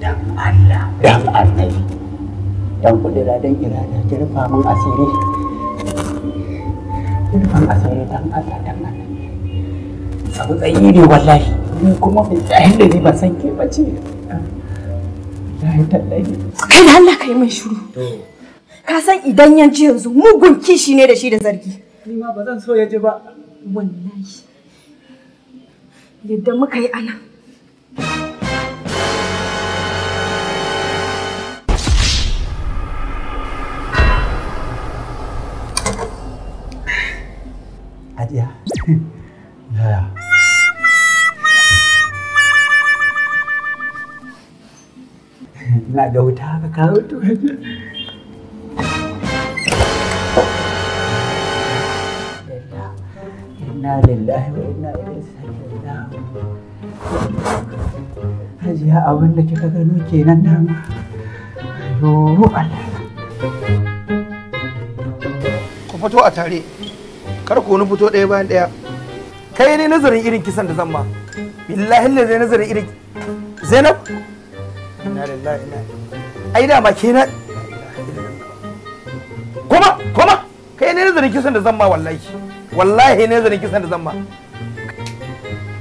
Dan Allah, dan annabi, dan kudira, dan irada ki mun asiri. Rufa asiri dan Allah dan annabi. Abu tsayi ne wallahi, ni kuma bin tsayin da ni ba san ke ba bace. Wallahi tallahi. Kai da Allah kai min shiru. Ka san idan ya ji yanzu mugun kishi ne da shi da zargi. Ni ma ba zan so ya ji ba. Wallahi. Yadda muka yi anan. na ga wuta haka kawo to inna lillahi wa inna ilaihi raji'un hajiya abin da kika gano kenan dama yo ku fito a tare kar ku fito ɗaya bayan ɗaya kai ne nazarin irin kisan da zan ma billahi ne nazarin irin ai kuma kuma kai ne nazarin kisan da zan ma wallahi wallahi ne nazarin kisan da zan ma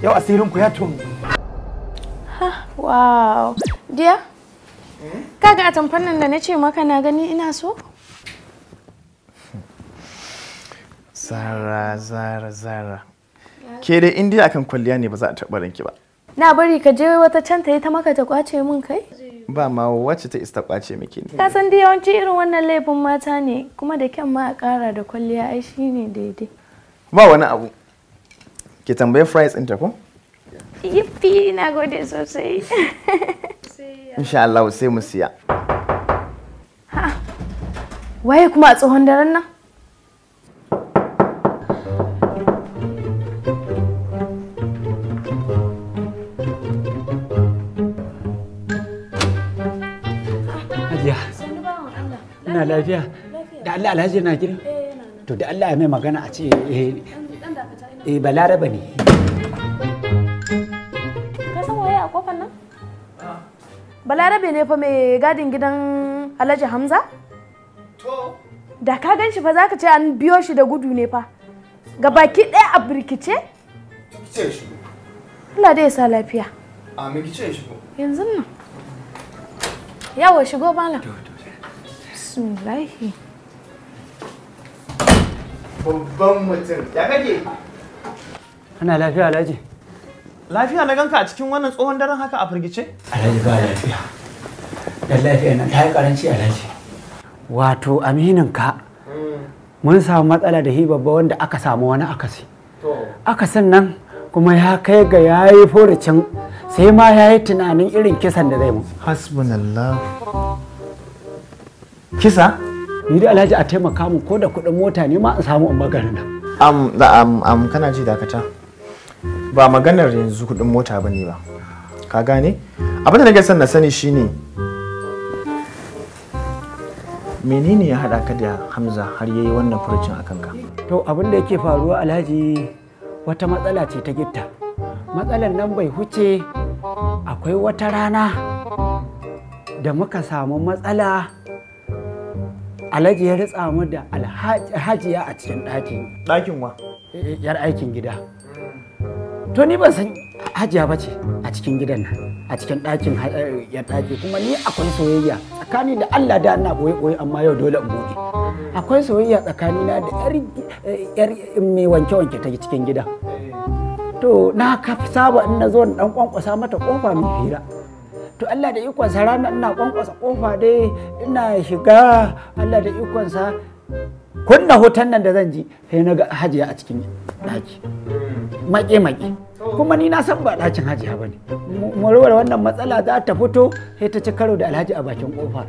yau asirin ku ya Ha! wow diya kaga a tamfannin da na ce maka na gani ina so zara zara zara ke dai indiya akan kwalliya ne ba za a taɓa ranki ba na bari ka je wata can ta yi ta maka ta kwace min kai ba ma wacce ta isa kwace miki ne ka san dai yawanci irin wannan laifin mata ne kuma da kyan ma a kara da kwalliya ai shine daidai ba wani abu ki tambaye fries ta ko yippi na gode sosai insha Allah sai mu siya waye kuma a tsohon daren nan Hajiya. Ina lafiya. Da Allah Alhaji na gidan? To da Allah ya mai magana a ce eh, eh Balaraba ne. Ka san waye a kofar nan? Balarabe ne fa mai gadin gidan Alhaji Hamza? To. Da ka gan shi fa zaka ce an biyo shi da gudu ne fa. Ga baki ɗaya a birkice? Allah dai ya sa lafiya. Amin ki ce shi ko? Yanzu nan. Yawa shigo bana. Bismillahi. Babban mutum, ya kake? Ana lafiya Alhaji. Lafiya na ganka a cikin wannan tsohon daren haka a firgice? Alhaji ba lafiya. Dan lafiya nan ta yi karanci Alhaji. Wato aminin ka. Mun samu matsala da hi babba wanda aka samu wani akasi. Akasin nan kuma ya kai ga yayi foricin sai ma ya yi tunanin irin kisan da zai mu hasbunallah kisa ni da alhaji a taimaka mu ko da kuɗin mota ne ma a samu in magana nan am da am am kana ji dakata ba maganar yanzu kuɗin mota bane ba ka gane abin da nake son na sani shine menene ya haɗa ka da hamza har yayi wannan furucin a kanka to abin da yake faruwa alhaji wata matsala ce ta gitta matsalar nan bai huce akwai wata rana da muka samu matsala alhaji ya ritsa mu da alhajiya a cikin ɗakin ɗakin wa eh, eh, yar aikin gida to ni ban san hajiya ba ce a cikin gidan nan a cikin ɗakin eh, yar ɗaki kuma ni akwai soyayya tsakani da allah da ana boye boye amma yau dole in buɗe akwai soyayya tsakanina da yar mai wanke wanke ta cikin gidan to na kafa saba in na zo in dan kwankwasa mata kofa mai hira to Allah da ikonsa ranar ina kwankwasa kofa dai ina shiga Allah da ikonsa kunna hoton nan da zan ji sai na ga hajiya a cikin daki maƙe-maƙe kuma ni na san ba ɗakin hajiya ba ne murwar wannan matsala za ta fito sai ta ci karo da alhaji a bakin kofa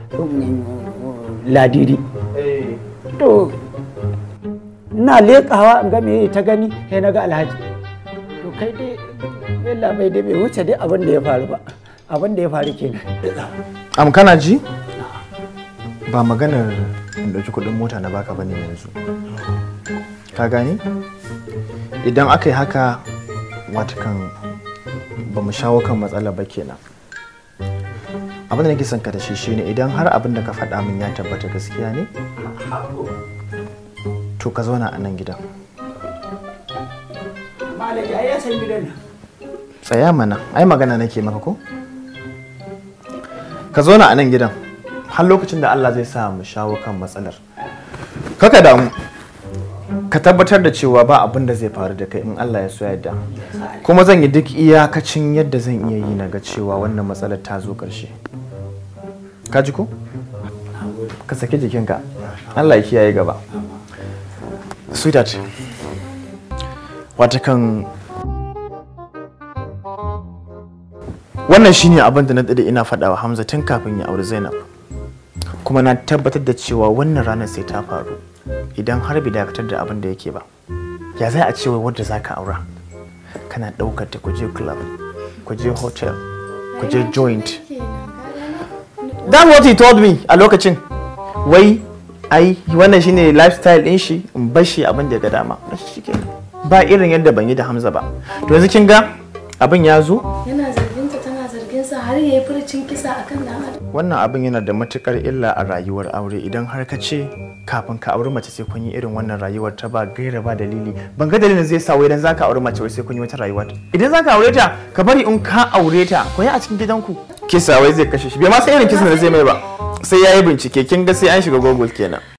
ladiri eh. to na leƙawa in ga me ta gani sai na ga alhaji kai dai yalla mai dai bai wuce dai abin da ya faru ba abin da ya faru kenan am kana ji ba maganar in ɗauki kuɗin mota na baka bane yanzu ka gane idan aka yi haka watakan ba mu shawo kan matsala ba kenan abin da nake son ka tashi shine idan har abin da ka faɗa min ya tabbata gaskiya ne to ka zauna a nan gidan tsaya mana ai magana nake maka ko ka zo na a nan gidan har lokacin da Allah zai sa mu shawo kan matsalar kaka damu ka tabbatar da cewa ba abin da zai faru da kai in Allah ya so yadda kuma zan yi duk iyakacin yadda zan iya yi na ga cewa wannan matsalar ta zo ƙarshe ka ji ko ka saki jikinka Allah ya kiyaye gaba sweetheart watakan wannan shine abin da na dade ina faɗa wa Hamza tun kafin ya auri Zainab kuma na tabbatar da cewa wannan ranar sai ta faru idan har bai dakatar da abin da yake ba ya za a ce wai wadda zaka aura kana ɗaukar ta kuje club kuje hotel kuje joint that what he told me a lokacin wai ai wannan shine lifestyle din shi in bashi abin da ga dama shi kenan ba irin yadda ban yi da Hamza ba to yanzu kin ga abin ya zo yana zargin ta tana zargin sa har yayi furcin kisa akan dan adam wannan abin yana da matukar illa a rayuwar aure idan har ka ce kafin ka auri mace sai kun yi irin wannan rayuwar ta ba gaira ba dalili ban ga dalilin zai sa wai idan zaka aure mace sai kun yi wata rayuwa idan zaka aure ta ka bari in ka aure ta ku yi a cikin gidanku kisa wai zai kashe shi bai ma sai irin kisa da zai mai ba sai ya yi bincike kin ga sai an shiga google kenan